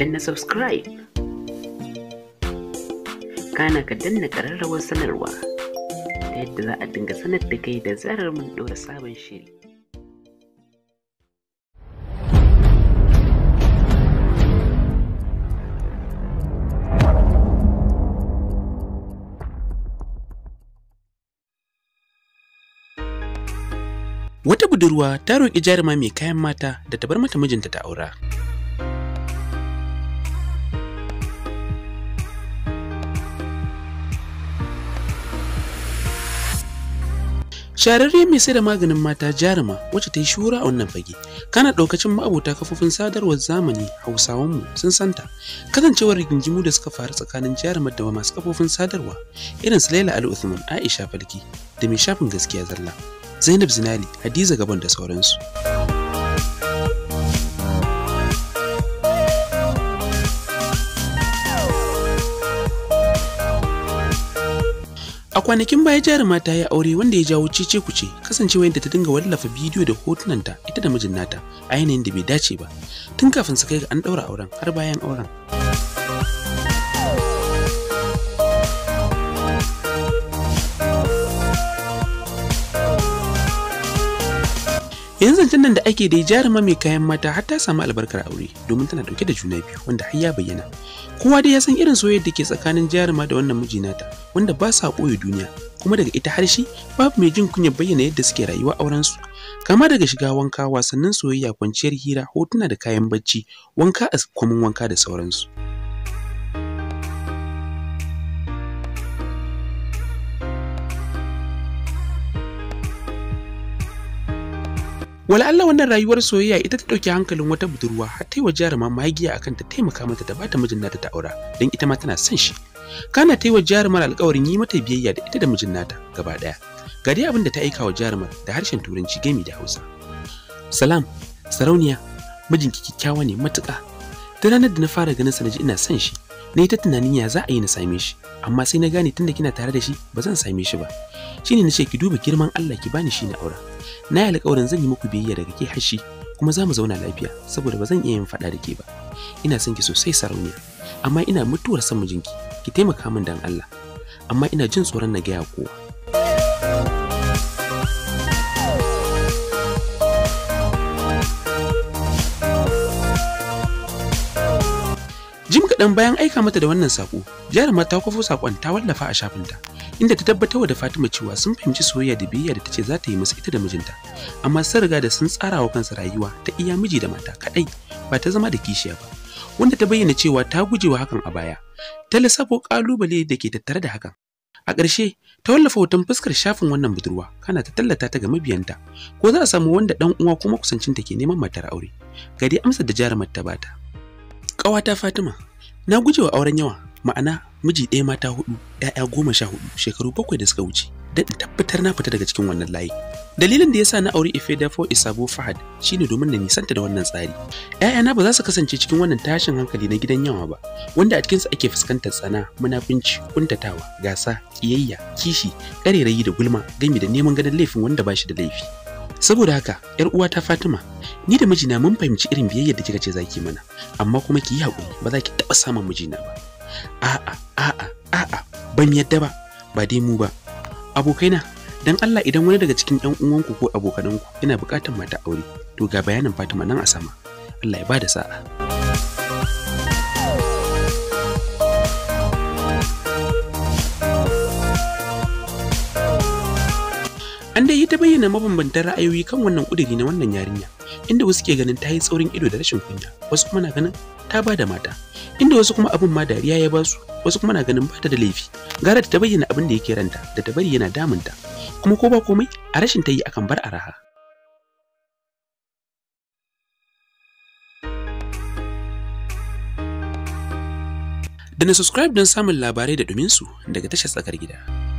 danna subscribe kana ka danna ƙararrawar sanarwa ta yadda za a dinga sanar da kai da zarar mun ɗora sabon shiri Wata budurwa ta roƙi jaruma mai kayan mata da ta bar mata mijinta ta aura. Shararriyar mai sai da maganin mata jaruma wacce ta yi shura a wannan fage kana ɗaukacin ma'abota kafofin sadarwar zamani hausawanmu sun santa kasancewar rigingimu da suka faru tsakanin jarumar da masu kafofin sadarwa irin su laila ali usman aisha falki da mai shafin gaskiya zalla zainab zinali hadiza gabon da sauransu A kwanakin baya jaruma mata ya aure wanda ya jawo cece kuce kasancewa yadda ta dinga wallafa bidiyo da hotunanta ita da mijin nata a yanayin da bai dace ba tun kafin su kai ga an ɗaura auren har bayan auren. yanzu zancen nan da ake da jaruma mai kayan mata har ta samu albarkar aure domin tana dauke da juna biyu wanda har ya bayyana kowa dai ya san irin soyayyar da ke tsakanin jaruma da wannan miji nata wanda ba sa koyo duniya kuma daga ita har shi babu mai jin kunyar bayyana yadda suke rayuwa auren su kama daga shiga wanka wasannin soyayya kwanciyar hira hotuna da kayan bacci wanka a kwamin wanka da sauransu wala Allah wannan rayuwar soyayya ita ta ɗauki hankalin wata budurwa har ta yi wa jaruma magiya akan ta taimaka mata ta bata mijin nata ta aura don ita ma tana son shi kana ta yi wa jarumar alƙawarin yi mata biyayya da ita da mijin nata gaba ɗaya ga dai abin da ta aika wa jarumar da harshen turanci gami da hausa salam sarauniya mijinki kyakkyawa ne matuƙa ta ranar da na fara ganin sa naji ina son shi na yi ta tunanin ya za a yi na same shi amma sai na gane tunda kina tare da shi ba zan same shi ba shine na ce ki duba girman Allah ki bani shi na aura na yi alƙawarin zan yi muku biyayya daga ke hashi kuma za mu zauna lafiya saboda ba zan iya yin faɗa da ke ba ina son ki sosai sarauniya amma ina mutuwar son mijinki ki taimaka min dan Allah amma ina jin tsoron na gaya kowa Jim kaɗan bayan aika mata da wannan saƙo, jarumar ta kwafo saƙon ta wallafa a shafinta, inda ta tabbatar da Fatima cewa sun fahimci soyayya da biyayya da ta ce za ta yi masa ita da mijinta, amma sun riga da sun tsara wa kansa rayuwa ta iya miji da mata kaɗai ba ta zama da kishiya ba, wanda ta bayyana cewa ta gujewa hakan a baya, ta lissafo ƙalubale da ke tattare da hakan. A ƙarshe, ta wallafa hoton fuskar shafin wannan budurwa, kana ta tallata ta ga mabiyanta, ko za a samu wanda ɗan uwa kuma kusancinta ke neman matar aure. Ga dai amsar da jarumar ta bata. Ƙawata Fatima, na guje wa auren yawa, ma'ana miji ɗaya mata hudu, ‘ya'ya goma sha hudu, shekaru bakwai da suka wuce, da tabbatar na fita daga cikin wannan layi. Dalilin da ya sa na auri Ife Dafo Isabo Fahad shi ne domin na nisanta da wannan tsari. ‘Ya'yana ba za su kasance cikin wannan tashin hankali na gidan yawa ba, wanda a cikinsa ake fuskantar tsana, munafunci, kuntatawa, gasa, ƙiyayya, kishi, ƙarerayi da gulma, gami da neman ganin laifin wanda ba shi da laifi. saboda haka yar uwa ta Fatima ni da mijina mun fahimci irin biyayyar da kika ce zaki mana amma kuma ki yi hakuri ba za ki taɓa samun mijina ba a'a a'a a'a ban yadda ba ba dai mu ba abokaina dan Allah idan wani daga cikin ƴan uwanku ko abokananku yana buƙatar mata aure to ga bayanin Fatima nan a sama Allah ya bada sa'a An dai yi ta bayyana mabambantan ra'ayoyi kan wannan ƙudiri na wannan yarinya, inda wasu ke ganin ta yi tsaurin ido da rashin kunya, wasu kuma na ganin ta ba da mata, inda wasu kuma abin ma dariya ya basu, wasu kuma na ganin ba ta da laifi. Gara ta bayyana abin da yake ranta da ta bari yana damunta, kuma ko ba komai a rashin ta yi akan bar araha raha. da na subscribe don samun labarai da duminsu daga tashar tsakar gida.